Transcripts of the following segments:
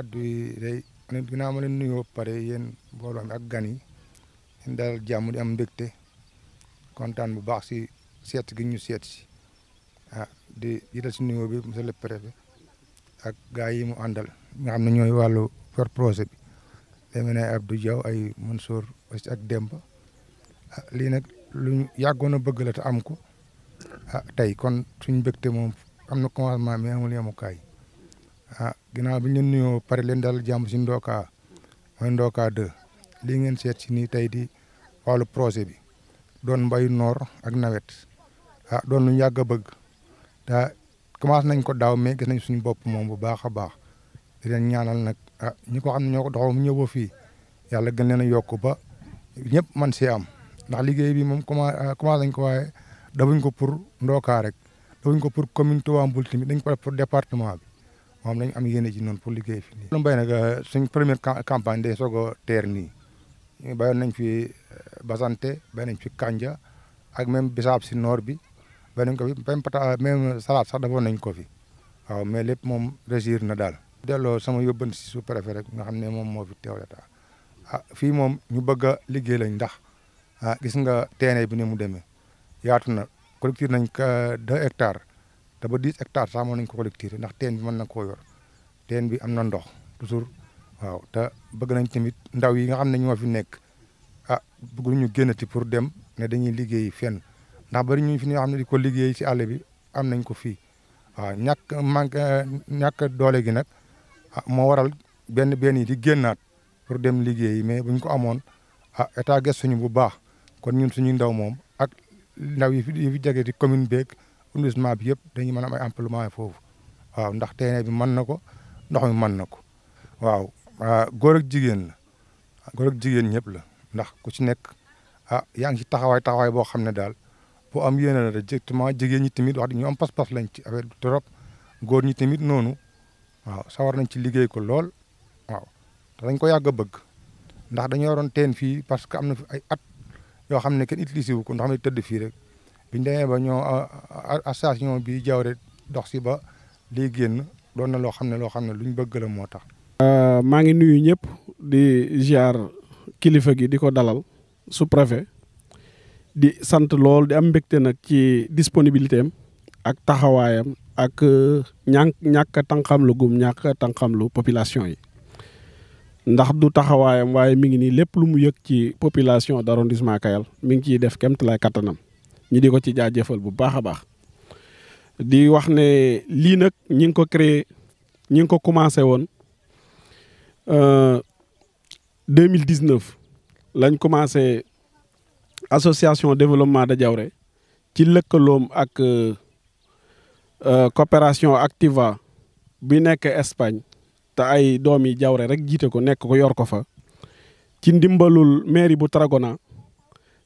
kaddu yi day ginnaaw ma leen nuyoo pare yéen mbooloo mi ak gan yi ñu dalal jàmm di am mbégte kontaan bu baax si seet gi ñu seet si ah di jiital si nuyoo bi monsieur le préfet ak gars yi mu àndal nga xam ne ñooy wàllu for projet bi demee ne Abdou jaw ay Mansour aussi ak Demba ah, lii nag lu yàggoon a bëgg am ko ah tey kon suñ mbégte moom am na commencement mais amul yemukaay ah ginnaaw bi ñu leen nuyoo pare leen daal jàmm si Ndoka mooy Ndoka 2 lii ngeen seet si nii tey di wàllu projet bi doon mbayu noor ak nawet ah doon lu ñu bëgg a bëgg te nañ ko daaw mais gis nañ suñu bopp moom bu baax a baax di ñaanal nag ah, ñu ko xam ne ñoo ko doxoo mu ñëw ba fii yàlla gën leen a yokk ba ñëpp man see am ndax liggéey bi moom commencé ah, commencé nañ ko waaye dafuñ ko pour Ndoka rek dafuñ ko pour commune Touba Mboul tamit dañ ko def pour département bi. moom lañ am yéene ci noonu pour liggéey fi nii. loolu mbéy nag euh, suñ première campagne day soog a teer nii béyoon nañ fi euh, basante béy nañ fi kanja ak même bisaab si noor bi béy nañ ko fi même pata euh, sax defoon nañ ko fi waaw mais lépp moom réussir na daal. delloo sama yóbban si su préfet rek nga xam ne moom moo fi teewle ta ah fii moom ñu bëgg a liggéey lañ ndax ah gis nga teene bi ni mu demee yaatu na collecté nañ deux hectares. te ba 10 hectare sax mën nañu ko collecter ndax teen bi mën na koo yor teen bi am na ndox toujours waaw te bëgg nañ tamit ndaw yi nga xam nañ ñoo fi nekk ah bëgguñu ti pour dem ne dañuy liggéey fenn ndax bari ñu fi ñoo xam ne di ko liggéey si àll bi am nañ ko fii waaw ñàkk manque eh, doole gi nag ah, moo waral benn benn yi di génnaat pour dem liggéey mais buñ ko amoon ah état gëstuñu bu baax kon ñun suñuy ndaw moom ak ndaw yi fi jege di commune beeg arrondissement bi yëpp dañuy mën am ay emplois foofu waaw ndax terrain bi mën na ko ndox mi mën na ko waaw ah, góor ak jigéen la ah, góor ak jigéen ñëpp la ndax ku ci nekk ah yaa ngi ci taxawaay taxawaay boo xam ne daal bu am yéene la directement jigéen ñi tamit wax di ñu am pas-pas lañ ci affaire bi trop góor ñi tamit noonu waaw sawar nañ ci liggéey ko lool waaw te ko yàgg bëgg ndax dañoo waroon teen fii parce que am na fi ay at yoo xam ne kenn utilisé wu ko ndox mi tëdd fii rek. biñ demee ba ñoo association bi Jawre dox si ba lii génn doon na loo xam ne loo xam ne luñ bëgg la moo tax. Euh, maa ngi nuyu ñëpp di ziar kilifa gi di ko dalal su préfet di sant lool di am mbégte nag ci disponibilité ak taxawaayam ak euh, ñàkk ñàkk a tànqam lu gum ñàkk a tànqam lu population yi ndax du taxawaayam waaye mi ngi nii lépp lu mu yëg ci population d'arrondissement Kayal mi ngi ciy def kéem tolluwaay kattanam. ñu di ko ci jaajëfal bu baax a baax di wax ne lii nag ñi ngi ko créé ñi ngi ko commencé woon 2019 euh, lañ commencé association développement de jawre ci lëkkaloom ak euh, euh, coopération Activa bi nekk Espagne te ay yi jawre rek jiite ko nekk ko yor ko fa ci ndimbalul mairie bu Tarragona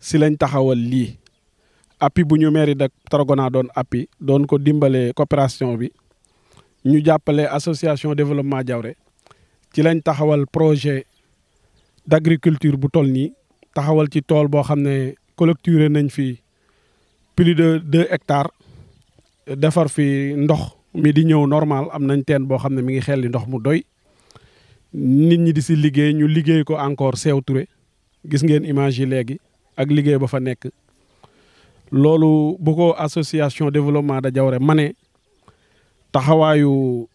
si lañ taxawal lii appui bu ñu mairie de Tarragona doon appui doon ko dimbalee coopération bi ñu jàppale association développement Diawré ci lañ taxawal projet d' agriculture bu toll nii taxawal ci tool boo xam ne collecturé nañ fi plus de deux hectares defar fi ndox mi di ñëw normal am nañ teen boo xam ne mi ngi xelli ndox mu doy nit ñi di si liggéey ñu liggéey ko encore sew ture gis ngeen image yi léegi ak liggéey ba fa nekk loolu bu association développement de Diaouré mane taxawaayu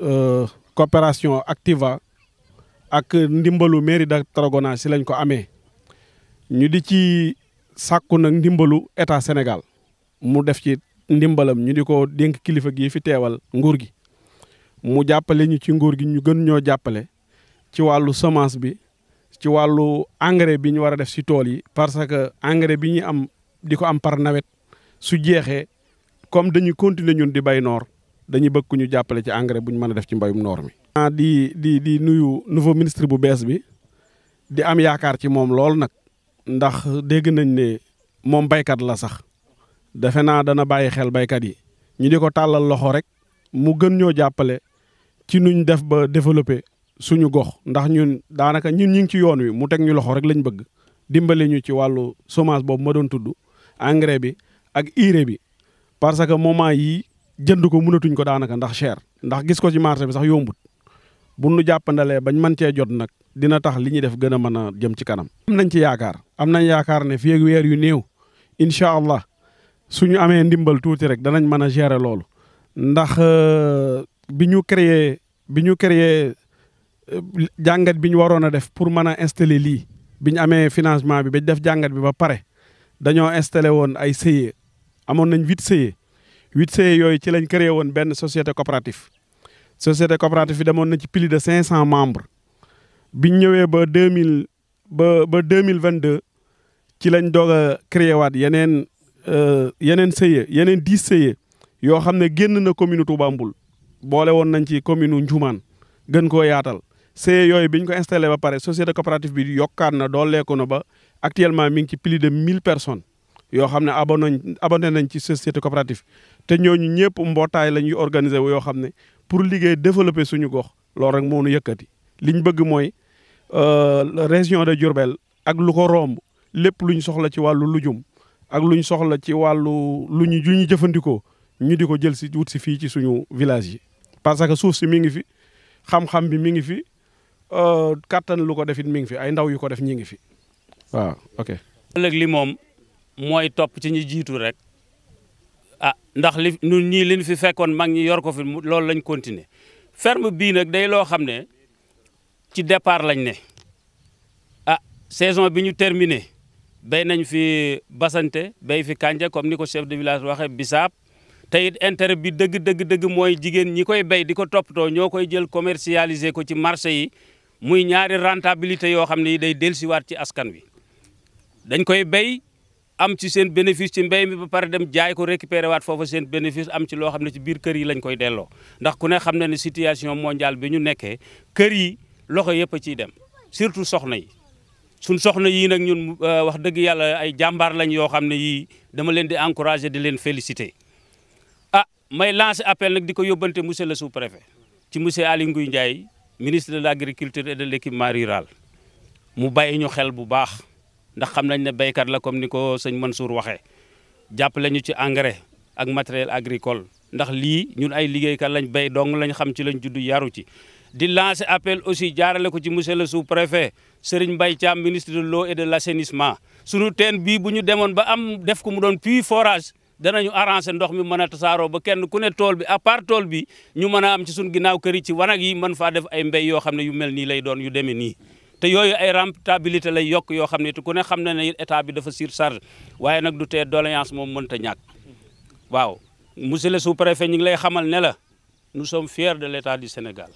euh, coopération Activa ak ndimbalu mairie de Tarragona si lañ ko amee ñu di ci sàkku nag ndimbalu état Sénégal mu def ci ndimbalam ñu di ko dénk kilifa gi fi teewal nguur gi mu jàppale ñu ci nguur gi ñu gën ñoo jàppale ci wàllu semence bi ci wàllu engrais bi ñu war a def si tool yi parce que engrais bi ñu am di ko am par nawet su jeexee comme dañuy continuer ñun di bay noor dañuy bëgg ku ñu jàppale ci engrais bu ñu mën a def ci mbayum noor mi. Ah, di di di nuyu nouveau ministre bu bees bi di am yaakaar ci moom lool nag ndax dégg nañ ne moom baykat la sax defe naa dana bàyyi xel baykat yi ñu di ko tàllal loxo rek mu gën ñoo jàppale ci nuñ def ba développer suñu gox ndax ñun daanaka ñun ñu ngi ci yoon wi mu teg ñu loxo rek lañ bëgg dimbale ñu ci wàllu semence boobu ma doon tudd. engrais bi ak urée bi parce que moment yi jënd ko mënatuñ ko daanaka ndax cher ndax gis ko ci marché bi sax yombut bu nu jàppandalee bañ man cee jot nag dina tax li ñuy def gën a mën a jëm ci kanam. am nañ ci yaakaar am nañ yaakaar ne fii ak weer yu néew incha allah ñu amee ndimbal tuuti rek danañ mën a gérer loolu ndax euh, bi ñu créer bi ñu créer euh, jàngat bi ñu waroon a def pour mën a installer lii bi ñu amee financement bi ba def jàngat bi ba pare dañoo installé woon ay CIE amoon nañ huit CIE huit CIE yooyu ci lañ créé woon benn société coopérative société coopérative bi demoon na ci plus de cinq cent membre biñ ñëwee ba deux mille ba ba deux mille vingt deux ci lañ doog a waat yeneen euh, yeneen CIE yeneen dix CIE yoo xam ne génn na commune Touba Mboul boole woon nañ ci commune u Ndioumane gën koo yaatal CIE yooyu biñ ko installé ba pare société coopérative bi yokkaat na dooleeku na ba actuellement mi ngi ci plus de mille personnes yoo xam ne abonné abonné nañ ci société coopérative te ñooñu ñëpp mbootaay la ñuy wo yoo xam ne pour liggéey développer suñu gox loolu rek moo ñu yëkkati li ñu bëgg mooy euh, région de Diourbel ak lu ko room lépp lu ñu soxla ci wàllu lujum ak lu ñu soxla ci wàllu lu ñu ñu jëfandikoo ñu di ko jël si wut si fii ci suñu village yi. parce que suuf si mi ngi fi xam-xam bi mi ngi fi euh, kattan lu ko defit mi ngi fi ay ndaw yu ko def ñi ngi fi. waaw ok. ëllëg li moom mooy topp ci ñi jiitu rek ah ndax li nu ñii liñ fi fekkoon mag ñi yor ko fi loolu lañ continuer ferme bii nag day loo xam ne ci départ lañ ne ah saison bi ñu terminé bay nañ fi basante bay fi kànja comme ni ko chef de village waxee bisaab te it intérêt bi dëgg dëgg dëgg mooy jigéen ñi koy béy di ko toppatoo ñoo koy jël commercialiser ko ci marché yi muy ñaari rentabilité yoo xam ne yi day dellusiwaat ci askan wi. dañ koy bay am ci seen bénéfice ci mbéy mi ba pare dem jaay ko récupérer waat foofa seen bénéfice am ci loo xam ne ci biir kër yi lañ koy delloo ndax ku ne xam na ne situation mondiale bi ñu nekkee kër yi loxo yëpp a ciy dem surtout soxna yi suñ soxna yii nag ñun euh, wax dëgg yàlla ay jàmbaar lañ yoo xam ne yii dama leen di encourager di leen féliciter ah may lance appel nag di ko yóbbante monsieur le sous-préfet ci monsieur Aly Ngouille Ndiaye ministre de l'agriculture et de l'équipement rural mu bàyyi ñu xel bu baax ndax xam nañ ne béykat la comme ni ko sëñ Mansour waxee jàppale ñu ci engrais ak matériel agricole ndax lii ñun ay liggéeykat lañ béy dong lañ xam ci lañ juddu yaru ci di lance appel aussi jaarale ko ci monsieur le sous-préfet Serigne mbay Thiam ministre de l'eau et de la l'assainissement sunu teen bii bu ñu demoon ba am def ko mu doon puits forage danañu arranger ndox mi mën a tasaaroo ba kenn ku ne tool bi à part tool bi ñu mën a am ci suñu ginnaaw kër yi ci wanag yi mën faa def ay mbéy yoo xam ne yu mel nii lay doon yu demee nii te yooyu ay rentabilité lay yokk yoo xam ne te ku ne xam na ne état bi dafa surcharge waaye nag du te doléance moom mënta ñàkk waaw monsieur le sous-préfet ñu ngi lay xamal ne la nous sommes fiers de l'état du Sénégal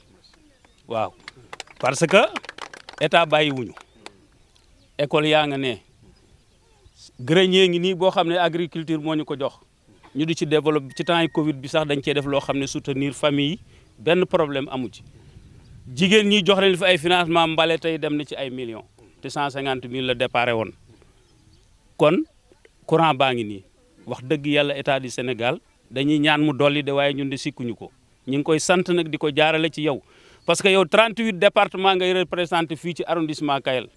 waaw parce que état bàyyiwuñu école yaa nga ne grenier ngi nii boo xam ne agriculture moo ñu ko jox ñu di ci développe ci temps yi Covid bi sax dañ cee def loo xam ne soutenir famille benn problème amu ci jigéen ñi jox leen fi ay financement mbale tey dem na ci ay millions te cent cinquante mille la déparé woon kon courant baa ngi nii wax dëgg yàlla état du Sénégal dañuy ñaan mu dolli de waaye ñun de sikkuñu ko ñu ngi koy sant nag di ko jaarale ci yow parce que yow 38 département ngay représenté fii ci arrondissement Kayel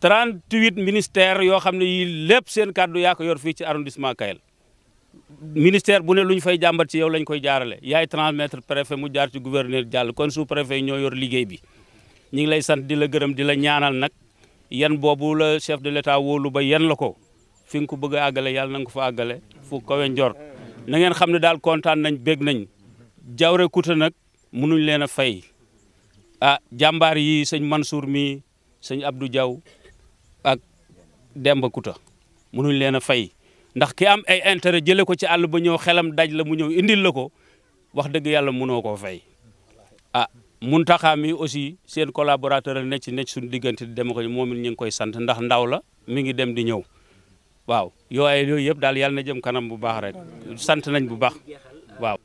38 ministères yoo xam ne yii lépp seen kaddu yaa ko yor fii ci arrondissement Kayel ministère bu ne lu ñu fay jàmbat ci yow lañ koy jaarale yaay transmettre préfet mu jaar ci gouverneur jàll kon sous préfet ñoo yor liggéey bi ñu ngi lay sant di la gërëm di la ñaanal nag yan boobu la chef de leta woolu ba yan la ko fi nga ko bëgg a àggale yàlla na ko fa àggale fu kawe njor na ngeen xam ne daal kontaan nañ beg nañ jawre kuta nag mënuñ leen a fay ah jàmbaar yi sëñ Mansour mi sëñ Abdou Diaw ak Demba Kuta mënuñ leen a fay ndax ki am ay intérêt jëlee ko ci àll ba ñëw xelam daj la mu ñëw indil la ko wax dëgg yàlla mënoo koo fay ah Muntaxa mi aussi seen collaborateur la nekk ci nekk suñu diggante di dem ko moom it ñu koy sant ndax ndaw la mi ngi dem di ñëw waaw yooyu yooyu yëpp daal yàlla na jëm kanam bu baax rek sant nañ bu baax waaw.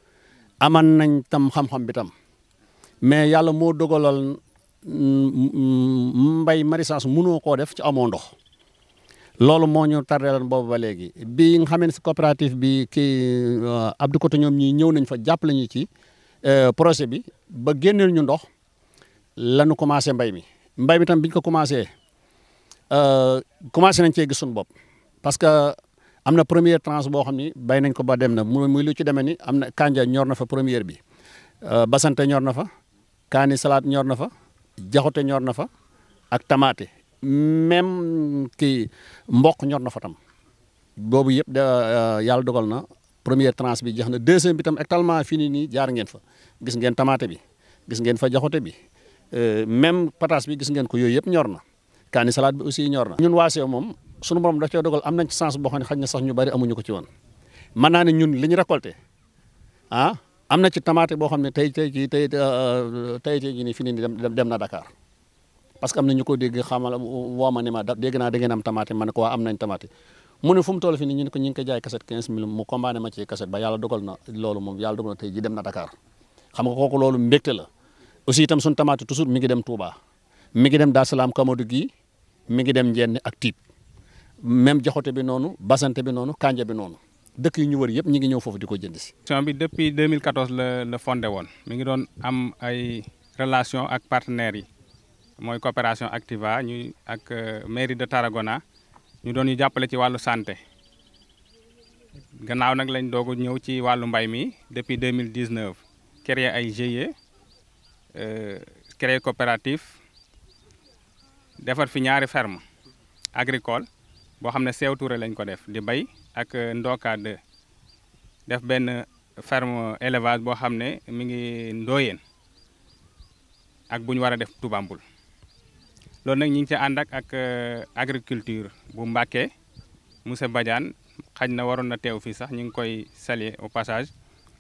aman nañ tam xam-xam bi tam mais yàlla moo dogalal mm, mm, mbay maraîchage mënoo koo def ci amoo ndox. loolu moo ñu tardeeloon boobu ba léegi bi nga xamee si coopérative bi kii euh, Abdou Koto ñoom ñii ñëw nañ fa jàppale ñu ci euh, projet bi ba génneel ñu ndox lañu commencé mbay mi mbay mi tam biñ ko commencé euh, commencé nañ cee gis suñu bopp parce que am na première tranche boo xam ni bay nañ ko ba dem na muy lu ci demee ni am na kanja ñor na première bi basante ñor na fa kaani salade ñor na fa jaxote ñor na fa ak tamaate même kii mboq ñor na fa tam boobu yëpp da euh, yàlla dogal na première tranche bi jeex na deuxième bi tam actuellement fii nii nii jaar ngeen fa gis ngeen tamaate bi gis ngeen fa jaxote bi euh, même pataas bi gis ngeen ko yooyu yëpp ñor na kaani salade bi aussi ñor na. ñun waa Sèye moom sunu borom daf cee dogal am nañ ci chance boo xam ne xaj na sax ñu bari amuñu ko ci woon mën naa ne ñun li ñu récolté ah am na ci tamaate boo xam ne tey tey tey tey euh, tey jii nii fii nii dem dem na Dakar. parce que am na ñu ko dégg xamal woo ma ne ma dégg naa da ngeen tamaate ma ko waa am nañ tamaate mu ne fu toll fi ni ñu ne ko ngi koy jaay kaset 15 mille mu commandé ma ci kaset ba yàlla dogal na loolu moom yàlla dogal na tey ji dem na Dakar xam nga kooku loolu mbégte la aussi itam suñu tamaate toujours mi ngi dem Touba mi ngi dem Dar Salaam Kamadou gi mi ngi dem Njenn ak Tiib même joxote bi noonu basante bi noonu kanja bi noonu dëkk yi ñu wër yëpp ñu ngi ñëw foofu di ko jënd si. émission bi depuis 2014 mi ngi doon am ay relation ak partenaires yi. mooy coopération Activa ñuy ak euh, mairie de Tarragona ñu doon ñu jàppale ci wàllu santé gannaaw nag lañ doog ñëw ci wàllu mbay mi depuis 2019 créer ay GIE euh, créer coopérative defar fi ñaari ferme agricole boo xam ne Seew Touré lañ ko def di bay ak euh, Ndoka 2 def benn ferme élevage boo xam ne mi ngi Ndooyeen ak bu ñu war a def Toubamboul loolu nag ñu ngi ci ànd ak ak euh, agriculture bu Mbàkke monsieur Badiane xaj na waroon na teew fii sax ñu ngi koy saluer au passage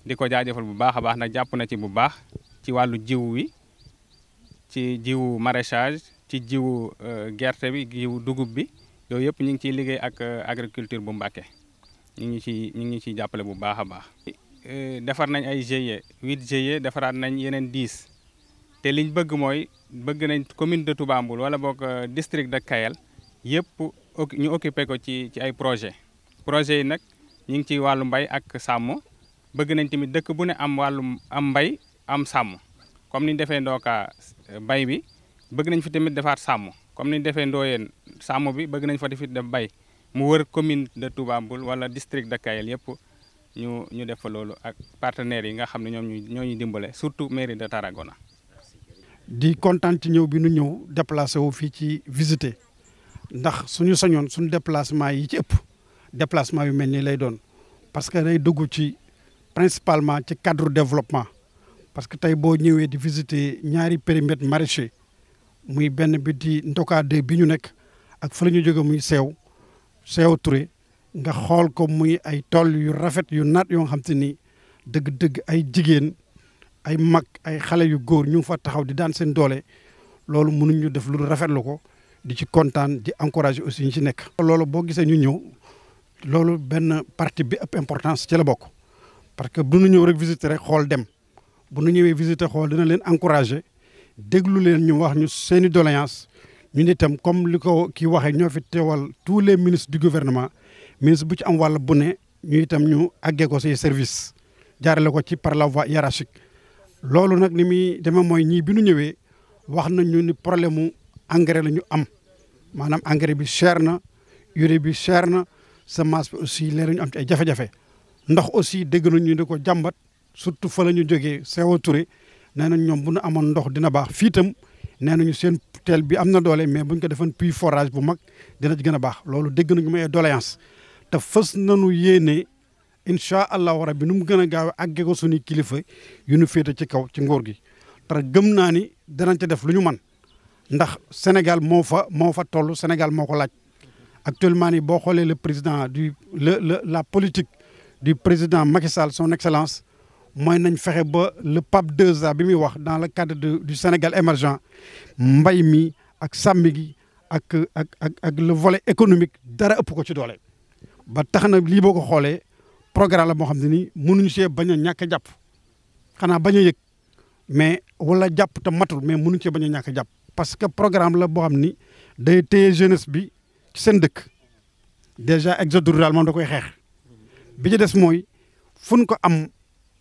di ko jaajëfal bu baax a baax nag jàpp na ci bu baax ci wàllu jiw wi ci jiwu maraîchage ci jiwu euh, gerte bi jiwu dugub bi yooyu yëpp ñu ngi ciy liggéey ak euh, agriculture bu Mbàkke ñu ngi ci ñu ngi ciy jàppale bu baax a baax defar nañ ay GIE huit GIE defaraat nañ yeneen dix te liñ bëgg mooy bëgg nañ commune de Touba Mboul wala boog euh, district de Kayel yëpp ñu occupé ko ci ci ay projet projet yi nag ñu ngi ci wàllu mbay ak sàmm bëgg nañ tamit dëkk bu ne am wàllum am mbay am sàmm comme ni ñu defee ndooka euh, mbay bi bëgg nañ fi tamit defaat sàmm comme ni ñu defee ndooyeen sàmm bi bëgg nañ fa tamit def bay mu wër commune de Touba Mboul wala district de Kayel yëpp ñu ñu def fa loolu ak partenaires yi nga xam ne ñoom ñu ñoo ñu dimbale surtout mairie de di kontaan ci ñëw bi ñu ñëw déplacé wu fii ci visiter ndax suñu sañoon suñu déplacement yi ci ëpp déplacement yu mel nii lay doon parce que day dugg ci principalement ci cadre développement parce que tey boo ñëwee di visiter ñaari périmètre maraîcher muy benn bi di Ndocade bi ñu nekk ak fa la ñu jóge muy sew seew Touré nga xool ko muy ay tool yu rafet yu naat yoo xam te ni dëgg-dëgg ay jigéen ay mag ay xale yu góor ñu fa taxaw di daan seen doole loolu mënuñu def lu rafetlu ko di ci kontaan di encourager aussi ñu ci nekk. loolu boo gisee ñu ñëw loolu benn parti bi ëpp importance ci la bokk parce que bu nu ñëw rek visiter rek xool dem bu nu ñëwee visiter xool dina leen encourager déglu leen ñu wax ñu seeni doléance ñun itam comme li ko kii waxee ñoo fi teewal tous les ministres du gouvernement ministre bu ci am wàll bu ne ñu itam ñu àggee ko say service jaarale ko ci par la voie hiérarchique loolu nag ni muy demee mooy ñii bi nu ñëwee wax nañu ni problème mu engrais la ñu am maanaam engrais bi cher na urée bi cher na semence bi aussi léeg ñu am ci ay jafe-jafe ndox aussi dégg nañu di ko jàmbat surtout fa la ñu jógee Sewa Touré nee nañ ñoom bu nu amoon ndox dina baax fii tam nee nañu seen teel bi am na doole mais buñ ko defoon puits forage bu mag dina ci gën a baax loolu dégg nañu may doléance te fës nañu yéene incha allahu rabbi nu mu gën a gaaw àggee ko suñu kilifa yu nu féete ci kaw ci nguur gi te gëm naa ni danañ ci def lu ñu man ndax Sénégal moo fa moo fa tollu Sénégal moo ko laaj actuellement ni boo xoolee le président du le le la politique du président Macky son excellence mooy nañ fexe ba le PAP 2A bi muy wax dans le cadre du Sénégal émergent mbay mi ak sàmm gi ak ak ak ak le volet économique dara ëpp ko ci doole. ba tax na lii ko xoolee programme la boo xam ne nii mënuñu see bañ a ñàkk jàpp xanaa bañ a yëg mais wala jàpp te matul mais mënuñu see bañ a ñàkk jàpp. parce que programme la boo xam ni day téye jeunesse bi seen dëkk déjà exode rural da koy xeex bi ci des mooy fun ko am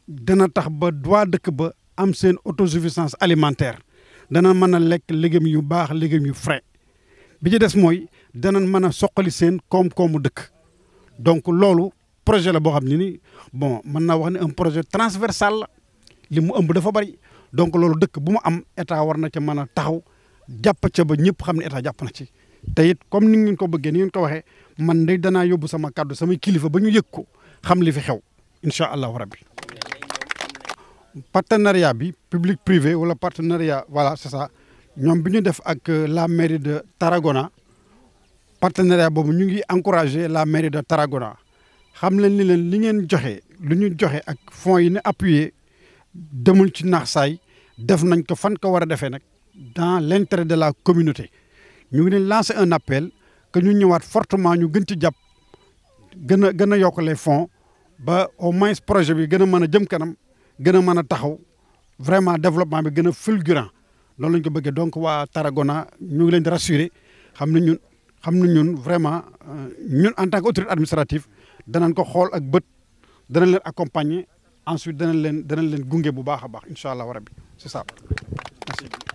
dana tax ba waa dëkk ba am seen auto suffisance alimentaire dana mën a lekk légumes yu baax légumes yu frais bi ci des mooy dana mën a soqali seen koom-koomu dëkk donc loolu. projet la boo xam ne ni bon mën naa wax ne un projet transversal la li mu ëmb dafa bari donc loolu dëkk bu mu am état war na ca mën a taxaw jàpp ca ba ñëpp xam ne état jàpp na ci. te it comme ni ngeen ko bëggee ni ngeen ko waxee man day danaa yóbbu sama kàddu samay kilifa ba ñu yëg ko xam li fi xew incha allahu rabbi partenariat bi public privé wala partenariat voilà c'est ça ñoom bi ñu def ak euh, la mairie de taragona partenariat boobu ñu ngi encourager la mairie de Tarragona xam leen ni leen li ngeen joxe lu ñu joxe ak fonds yi ne appuyé demul ci naax saay def nañ ko fan ko war a defee nag dans l' intérêt de la communauté ñu ngi leen lancer un appel que ñu ñëwaat fortement ñu gën ci jàpp gën a gën a yokk les fonds ba au moins projet bi gën a mën a jëm kanam gën a mën a taxaw vraiment développement bi gën a fulgurant loolu lañ ko bëggee donc waa Tarragona ñu ngi leen di rassurer xam ne ñun xam ne ñun vraiment euh, ñun en tant que autorité administrative danañ ko xool ak bët danañ leen accompagner ensuite danañ leen danañ leen gunge bu baax a baax incha allah rabbi c'est ça merci.